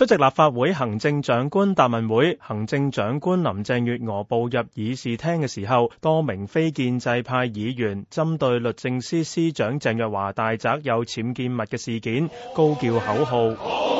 出席立法會行政長官答問會，行政長官林鄭月娥步入議事廳嘅時候，多名非建制派議員針對律政司司長鄭若驊大宅有僭建物嘅事件，高叫口號。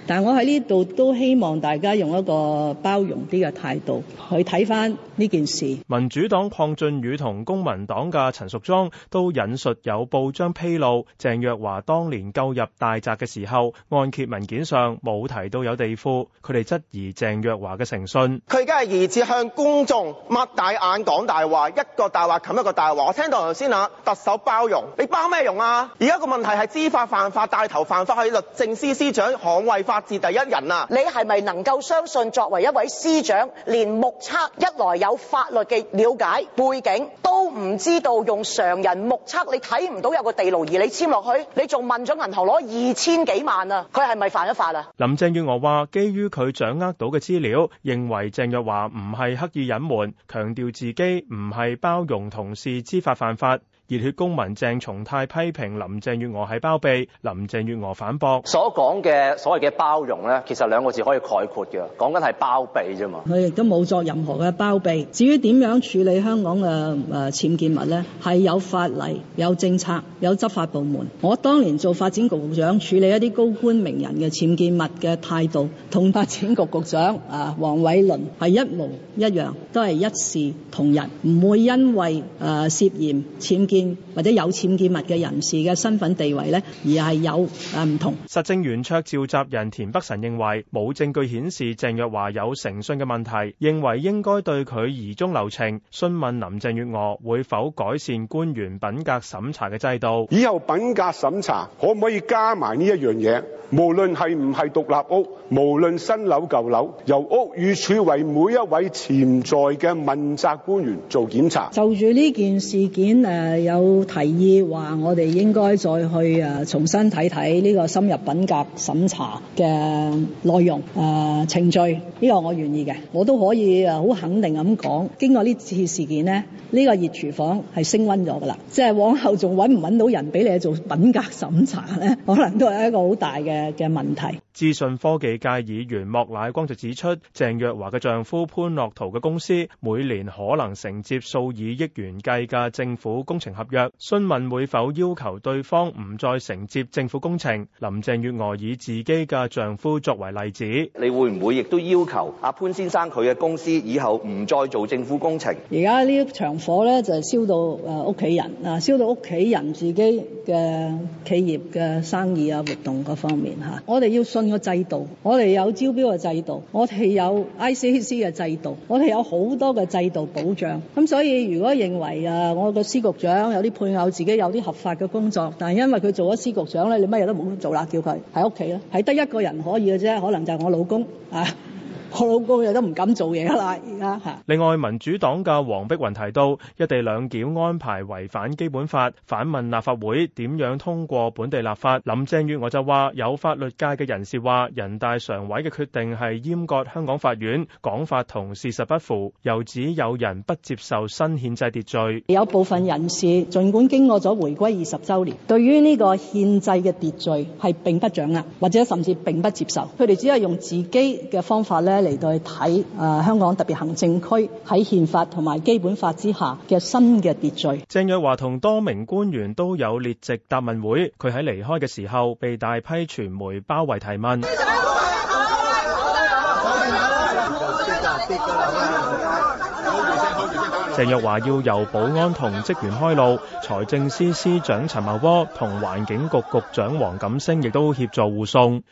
但我喺呢度都希望大家用一個包容啲嘅態度去睇翻呢件事。民主黨鄺俊宇同公民黨嘅陳淑莊都引述有報章披露，鄭若驊當年購入大宅嘅時候，按揭文件上冇提到有地庫。佢哋質疑鄭若驊嘅誠信。佢而家係疑似向公眾擘大眼講大話，一個大話冚一個大話。我聽到頭先啊，特首包容，你包咩容啊？而家個問題係知法犯法，帶頭犯法去律政司司長捍衛法。第一人啊，你係咪能夠相信作為一位司長，連目測一來有法律嘅了解背景，都唔知道用常人目測你睇唔到有個地牢，而你簽落去，你仲問咗銀行攞二千幾萬啊。佢係咪犯咗法啊？林鄭月娥話，基於佢掌握到嘅資料，認為鄭若驊唔係刻意隱瞞，強調自己唔係包容同事知法犯法。熱血公民鄭松泰批評林鄭月娥係包庇，林鄭月娥反駁，所講嘅所謂嘅包容咧，其實兩個字可以概括嘅，講緊係包庇啫嘛。佢亦都冇作任何嘅包庇。至於點樣處理香港嘅誒僭建物咧，係有法例、有政策、有執法部門。我當年做發展局局長處理一啲高官名人嘅僭建物嘅態度，同發展局局長啊黃偉綸係一模一樣，都係一視同仁，唔會因為誒、呃、涉嫌僭建。或者有僭建物嘅人士嘅身份地位咧，而係有誒唔同。實政圓桌召集人田北辰認為冇證據顯示鄭若驊有誠信嘅問題，認為應該對佢疑中留情，詢問林鄭月娥會否改善官員品格審查嘅制度。以後品格審查可唔可以加埋呢一樣嘢？無論係唔係獨立屋，無論新樓舊樓，由屋宇署為每一位潛在嘅問責官員做檢查。就住呢件事件誒。有提議話，我哋應該再去重新睇睇呢個深入品格審查嘅內容誒、呃、程序，呢個我願意嘅，我都可以好肯定咁講。經過呢次事件咧，呢個熱廚房係升溫咗噶啦，即係往後仲揾唔揾到人俾你做品格審查咧，可能都係一個好大嘅嘅問題。資訊科技界議員莫乃光就指出，鄭若驊嘅丈夫潘樂圖嘅公司每年可能承接數以億元計嘅政府工程合約，詢問會否要求對方唔再承接政府工程。林鄭月娥以自己嘅丈夫作為例子，你會唔會亦都要求阿潘先生佢嘅公司以後唔再做政府工程？而家呢一場火咧就係燒到誒、屋企人啊，燒到屋企人自己嘅企業嘅生意啊、活動嗰方面吓，我哋要個制度，我哋有招標嘅制度，我哋有 ICC 嘅制度，我哋有好多嘅制度保障。咁所以，如果認為啊，我個司局長有啲配偶自己有啲合法嘅工作，但係因為佢做咗司局長咧，你乜嘢都唔好做啦，叫佢喺屋企咧，係得一個人可以嘅啫，可能就係我老公啊。我老公又都唔敢做嘢啦，而家吓。另外，民主黨嘅黃碧雲提到一地兩檢安排違反基本法，反問立法會點樣通過本地立法。林鄭月娥就話：有法律界嘅人士話，人大常委嘅決定係閹割香港法院、講法同事實不符，又指有人不接受新憲制秩序。有部分人士，儘管經過咗回歸二十週年，對於呢個憲制嘅秩序係並不掌握，或者甚至並不接受，佢哋只係用自己嘅方法咧。嚟到去睇誒香港特別行政區喺憲法同埋基本法之下嘅新嘅秩序。鄭若驊同多名官員都有列席答問會，佢喺離開嘅時候被大批傳媒包圍提問。鄭若驊要由保安同職員開路，財政司司長陳茂波同環境局局，局長黃錦星亦都協助護送。